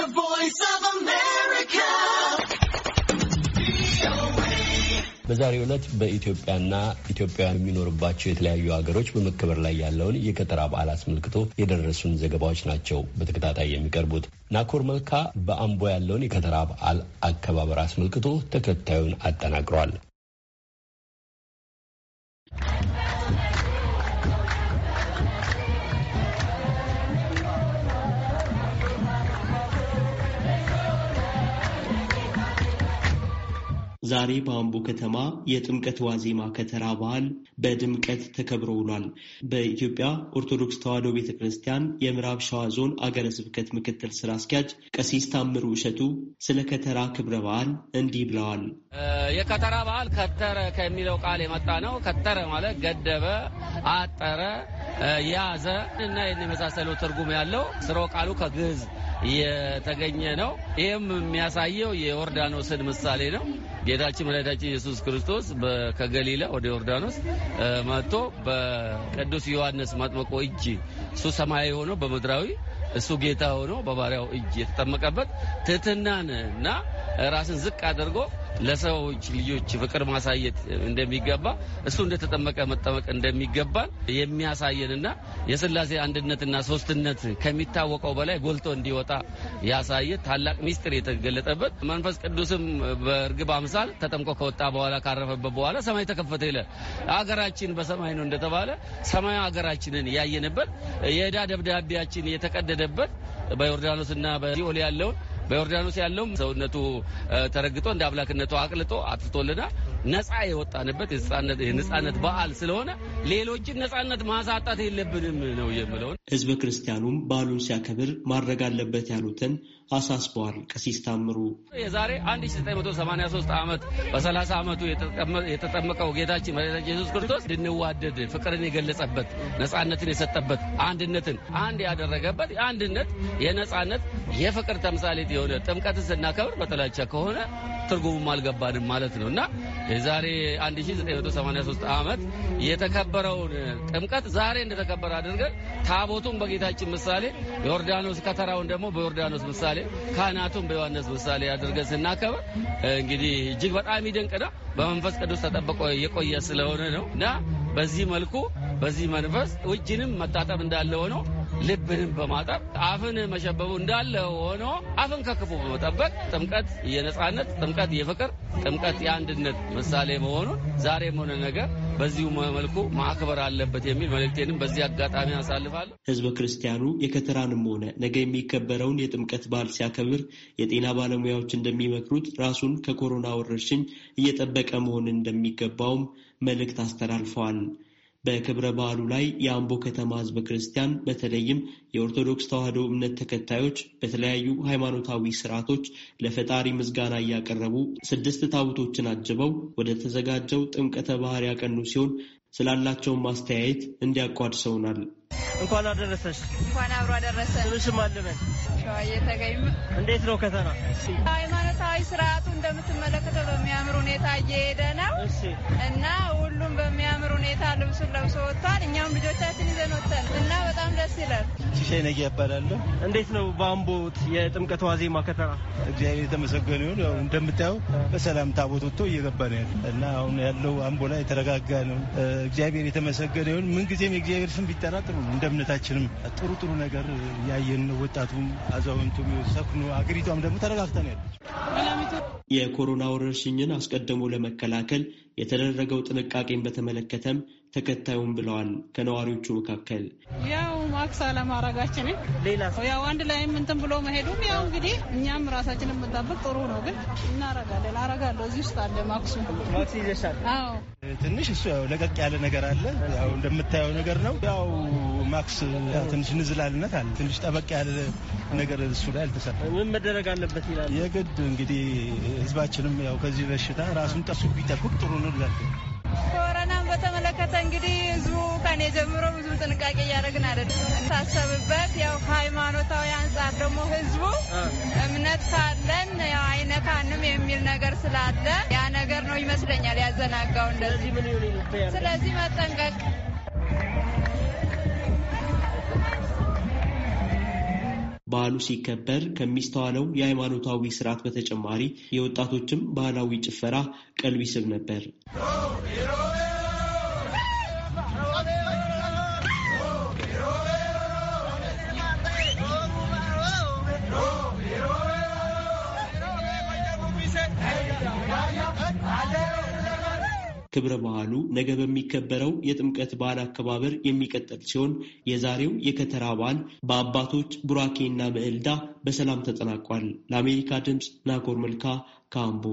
The Voice of America. በዛሬው ዕለት በኢትዮጵያና ኢትዮጵያ የሚኖርባቸው የተለያዩ ሀገሮች በመከበር ላይ ያለውን የከተራ በዓል አስመልክቶ የደረሱን ዘገባዎች ናቸው በተከታታይ የሚቀርቡት። ናኮር መልካ በአምቦ ያለውን የከተራ በዓል አከባበር አስመልክቶ ተከታዩን አጠናቅሯል። ዛሬ በአምቦ ከተማ የጥምቀት ዋዜማ ከተራ በዓል በድምቀት ተከብሮ ውሏል። በኢትዮጵያ ኦርቶዶክስ ተዋሕዶ ቤተ ክርስቲያን የምዕራብ ሸዋ ዞን አገረ ስብከት ምክትል ስራ አስኪያጅ ቀሲስ ታምሩ እሸቱ ስለ ከተራ ክብረ በዓል እንዲህ ብለዋል። የከተራ በዓል ከተረ ከሚለው ቃል የመጣ ነው። ከተረ ማለት ገደበ፣ አጠረ፣ ያዘ እና የመሳሰለው ትርጉም ያለው ስሮ ቃሉ ከግዕዝ የተገኘ ነው። ይህም የሚያሳየው የዮርዳኖስን ምሳሌ ነው። ጌታችን መድኃኒታችን ኢየሱስ ክርስቶስ ከገሊላ ወደ ዮርዳኖስ መጥቶ በቅዱስ ዮሐንስ ማጥመቆ እጅ እሱ ሰማያዊ ሆኖ በምድራዊ እሱ ጌታ ሆኖ በባሪያው እጅ የተጠመቀበት ትህትናን እና ራስን ዝቅ አድርጎ ለሰዎች ልጆች ፍቅር ማሳየት እንደሚገባ እሱ እንደተጠመቀ መጠመቅ እንደሚገባን የሚያሳየንና የስላሴ አንድነትና ሶስትነት ከሚታወቀው በላይ ጎልቶ እንዲወጣ ያሳየ ታላቅ ሚስጥር የተገለጠበት መንፈስ ቅዱስም በእርግብ አምሳል ተጠምቆ ከወጣ በኋላ ካረፈበት በኋላ ሰማይ ተከፈተ ይለ አገራችን በሰማይ ነው እንደተባለ ሰማዩ አገራችንን ያየንበት የዕዳ ደብዳቤያችን የተቀደደበት በዮርዳኖስና በሲኦል ያለውን በዮርዳኖስ ያለውም ሰውነቱ ተረግጦ እንደ አምላክነቱ አቅልጦ አጥፍቶልናል። ነፃ የወጣንበት የነፃነት በዓል ስለሆነ ሌሎችን ነፃነት ማሳጣት የለብንም ነው የምለው። ህዝበ ክርስቲያኑም በዓሉን ሲያከብር ማድረግ አለበት ያሉትን አሳስበዋል። ቀሲስ ታምሩ የዛሬ 1983 ዓመት በ30 ዓመቱ የተጠመቀው ጌታችን መድኃኒታችን ኢየሱስ ክርስቶስ እንድንዋደድ ፍቅርን የገለጸበት ነፃነትን የሰጠበት አንድነትን አንድ ያደረገበት አንድነት የነፃነት የፍቅር ተምሳሌት የሆነ ጥምቀትን ስናከብር በጥላቻ ከሆነ ትርጉሙም አልገባንም ማለት ነው እና የዛሬ 1983 ዓመት የተከበረውን ጥምቀት ዛሬ እንደተከበረ አድርገን ታቦቱን በጌታችን ምሳሌ፣ ዮርዳኖስ ከተራውን ደግሞ በዮርዳኖስ ምሳሌ፣ ካህናቱን በዮሐንስ ምሳሌ አድርገን ስናከበር እንግዲህ እጅግ በጣም ይደንቅ ነው። በመንፈስ ቅዱስ ተጠብቆ የቆየ ስለሆነ ነው እና በዚህ መልኩ በዚህ መንፈስ እጅንም መታጠብ እንዳለ ሆነው ልብህን በማጠብ አፍን መሸበቡ እንዳለ ሆኖ አፍን ከክፉ በመጠበቅ ጥምቀት የነጻነት ጥምቀት የፍቅር ጥምቀት የአንድነት ምሳሌ መሆኑን ዛሬም ሆነ ነገር በዚሁ መልኩ ማክበር አለበት የሚል መልእክቴንም በዚህ አጋጣሚ አሳልፋለሁ። ህዝበ ክርስቲያኑ የከተራንም ሆነ ነገ የሚከበረውን የጥምቀት በዓል ሲያከብር የጤና ባለሙያዎች እንደሚመክሩት ራሱን ከኮሮና ወረርሽኝ እየጠበቀ መሆን እንደሚገባውም መልእክት አስተላልፈዋል። በክብረ በዓሉ ላይ የአምቦ ከተማ ህዝበ ክርስቲያን በተለይም የኦርቶዶክስ ተዋሕዶ እምነት ተከታዮች በተለያዩ ሃይማኖታዊ ስርዓቶች ለፈጣሪ ምስጋና እያቀረቡ ስድስት ታቦቶችን አጅበው ወደ ተዘጋጀው ጥምቀተ ባህር ያቀኑ ሲሆን ስላላቸውን ማስተያየት እንዲያቋድሰውናል። እንኳን አደረሰሽ። እንኳን አብሮ አደረሰ። ስምሽም አለበል ሸዋዬ እንዴት ነው ከተማ? ሃይማኖታዊ ስርዓቱ እንደምትመለከተው በሚያምር ሁኔታ እየሄደ ነው እና ሁሉም በሚያምር ሁኔታ ልብሱን ለብሶ ወጥቷል። እኛም ልጆቻችን ይዘን ወጥተን እና በጣም ደስ ይላል። ነጊ እባላለሁ። እንዴት ነው በአምቦ የጥምቀት ዋዜማ ከተራ? እግዚአብሔር የተመሰገነ ይሁን። ያው እንደምታየው በሰላም ታቦት ወጥቶ እየገባ ነው ያለ እና አሁን ያለው አምቦ ላይ የተረጋጋ ነው። እግዚአብሔር የተመሰገነ ይሁን። ምንጊዜም የእግዚአብሔር ስም ቢጠራ ጥሩ ነው። እንደ እምነታችንም ጥሩ ጥሩ ነገር ያየን ነው። ወጣቱም አዛውንቱም ሰክኖ አገሪቷም ደግሞ ተረጋግታ ነው ያለች። የኮሮና ወረርሽኝን አስቀድሞ ለመከላከል የተደረገው ጥንቃቄን በተመለከተም ተከታዩም ብለዋል። ከነዋሪዎቹ መካከል ያው ማክስ አለማድረጋችንን ያው አንድ ላይም እንትን ብሎ መሄዱም ያው እንግዲህ እኛም ራሳችንን የምንጠብቅ ጥሩ ነው፣ ግን እናረጋለን አረጋለሁ እዚህ ውስጥ አለ ማክሱ ማክስ ይዘሻል? አዎ ትንሽ እሱ ያው ለቀቅ ያለ ነገር አለ። ያው እንደምታየው ነገር ነው። ያው ማክስ ትንሽ ንዝላልነት አለ። ትንሽ ጠበቅ ያለ ነገር እሱ ላይ አልተሰራ። ምን መደረግ አለበት ይላል። የግድ እንግዲህ ህዝባችንም ያው ከዚህ በሽታ ራሱን ጠሱ ቢጠብቅ ጥሩ ነው ይላል። ኮሮናን በተመለከተ እንግዲህ ህዝቡ ከኔ ጀምሮ ብዙ ጥንቃቄ እያደረግን አይደለም ታሰብበት ደግሞ ህዝቡ እምነት ካለን አይነካንም የሚል ነገር ስላለ ያ ነገር ነው ይመስለኛል ያዘናጋው እንደዚህ። ስለዚህ መጠንቀቅ በዓሉ ሲከበር ከሚስተዋለው የሃይማኖታዊ ስርዓት በተጨማሪ የወጣቶችም ባህላዊ ጭፈራ ቀልብ ይስብ ነበር። ክብረ በዓሉ ነገ በሚከበረው የጥምቀት በዓል አከባበር የሚቀጥል ሲሆን የዛሬው የከተራ በዓል በአባቶች ቡራኬና ምዕልዳ በሰላም ተጠናቋል። ለአሜሪካ ድምፅ ናኮር መልካ ካምቦ